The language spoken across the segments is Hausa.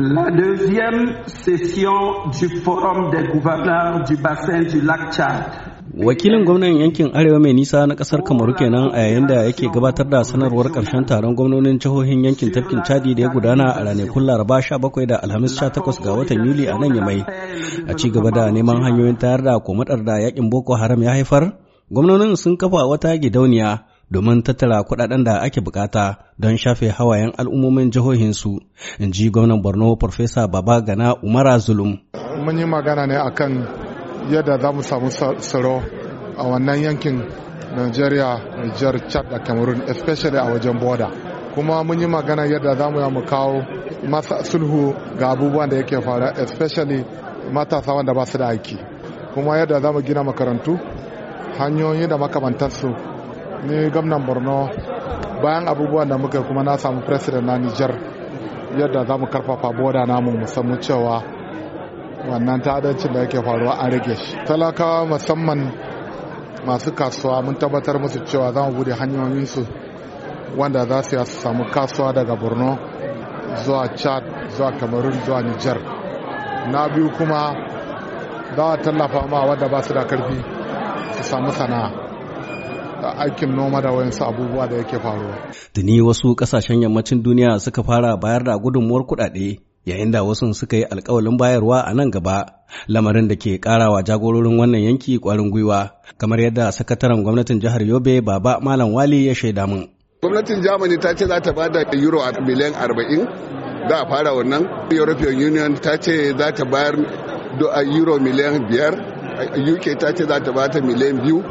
La deuxième session du Forum des gouverneurs du bassin du lac Tchad wakilin gwamnan yankin arewa mai nisa na kasar kamaru kenan a yayin da yake gabatar da sanarwar karshen taron gwamnonin jihohin yankin tafkin chadi da ya gudana a ranakun laraba 17 da alhamis 18 ga watan yuli a nan yamai a ci gaba da neman hanyoyin tayar da komatar da yakin boko haram ya haifar gwamnonin sun kafa wata gidauniya domin tattara kuɗaɗen da ake bukata don shafe hawayen al'ummomin jihohinsu in ji gwamnan borno farfesa baba gana umara zulum mun yi magana ne akan yadda za mu samu tsaro a wannan yankin nigeria niger chad da cameroon especially a wajen boda kuma mun yi magana yadda za mu mu kawo masa sulhu ga abubuwan da yake fara, especially matasa wanda ba su da aiki kuma yadda za mu gina makarantu hanyoyi da makamantarsu ni gwamnan borno bayan abubuwan da muka kuma na samu president na niger yadda za mu karfafa boda namu musamman cewa wannan ta'adancin da yake faruwa an rage shi talakawa musamman masu kasuwa mun tabbatar musu cewa za mu bude hanyoyin su wanda za su su samu kasuwa daga borno zuwa chad zuwa cameroon zuwa niger na biyu kuma za a tallafa ma wadda ba su da karfi su samu sana'a aikin noma da wayansu abubuwa da yake faruwa. ni wasu kasashen yammacin duniya suka fara bayar da gudunmuwar kuɗaɗe yayin da wasu suka yi alkawalin bayarwa a nan gaba lamarin da ke karawa jagororin wannan yanki kwarin gwiwa kamar yadda sakataren gwamnatin jihar yobe baba malam wali ya shaida mun gwamnatin germany ta ce za ta da euro a miliyan arba'in. za a fara wannan european union ta ce za ta bayar euro miliyan biyar. uk ta ce za ta bata miliyan biyu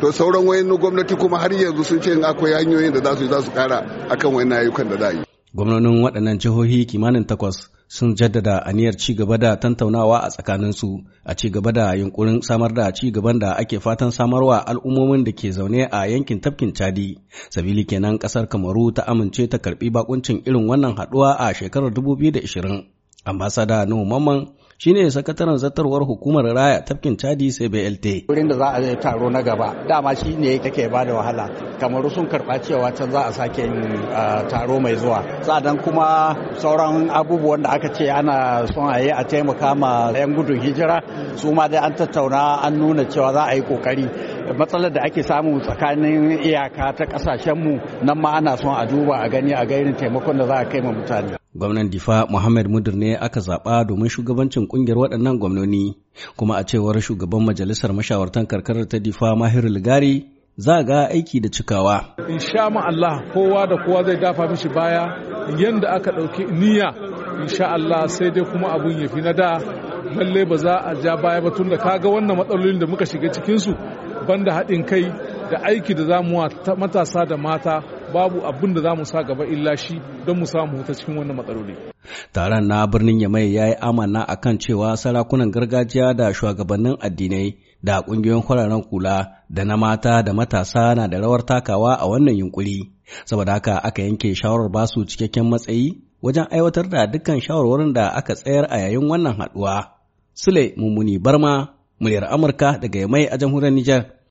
to sauran wayan gwamnati kuma har yanzu sun ce akwai hanyoyin da za su za su kara akan wayan ayyukan da za yi gwamnonin waɗannan jihohi kimanin takwas sun jaddada aniyar ci gaba da tantaunawa a tsakaninsu a ci gaba da yunkurin samar da ci gaban da ake fatan samarwa al'ummomin da ke zaune a yankin tafkin chadi sabili kenan kasar kamaru ta amince ta karbi bakuncin irin wannan haɗuwa a shekarar dubu da 2020 ambasada nuhu mamman shine sakataren zartarwar hukumar raya tafkin Chadi CBLT. Wurin da za a yi taro na gaba dama shine yake ba da wahala kamar sun karɓa cewa can za a sake yin taro mai zuwa sa'adan kuma sauran abubuwan da aka ce ana son a yi a taimaka ma 'yan gudun hijira su ma dai an tattauna an nuna cewa za a yi kokari matsalar da ake samu tsakanin iyaka ta ƙasashenmu nan ma ana son a duba a gani a gairin taimakon da za a kai ma mutane gwamnan difa muhammad mudir ne aka zaɓa domin shugabancin ƙungiyar waɗannan gwamnoni kuma a cewar shugaban majalisar mashawartan karkarar ta difa mahir ligari za ga aiki da cikawa. In sha Allah kowa da kowa zai dafa mishi baya yadda aka ɗauki niyya in sha Allah sai dai kuma abun ya fi na da lalle ba za a ja baya ba tun da kaga wannan matsalolin da muka shiga cikinsu banda haɗin kai da aiki da zamuwa matasa da mata babu abin da za mu sa gaba illa shi don mu samu wuta cikin wannan matsaloli. Taron na birnin Yamai ya yi amana a kan cewa sarakunan gargajiya da shugabannin addinai da ƙungiyoyin kwararren kula da na mata da matasa na da rawar takawa a wannan yunkuri. Saboda haka aka yanke shawarar basu cikakken matsayi wajen aiwatar da dukkan shawarwarin da aka tsayar a yayin wannan haɗuwa. Sule Mummuni Barma, muryar Amurka daga Yamai a jamhuriyar Nijar.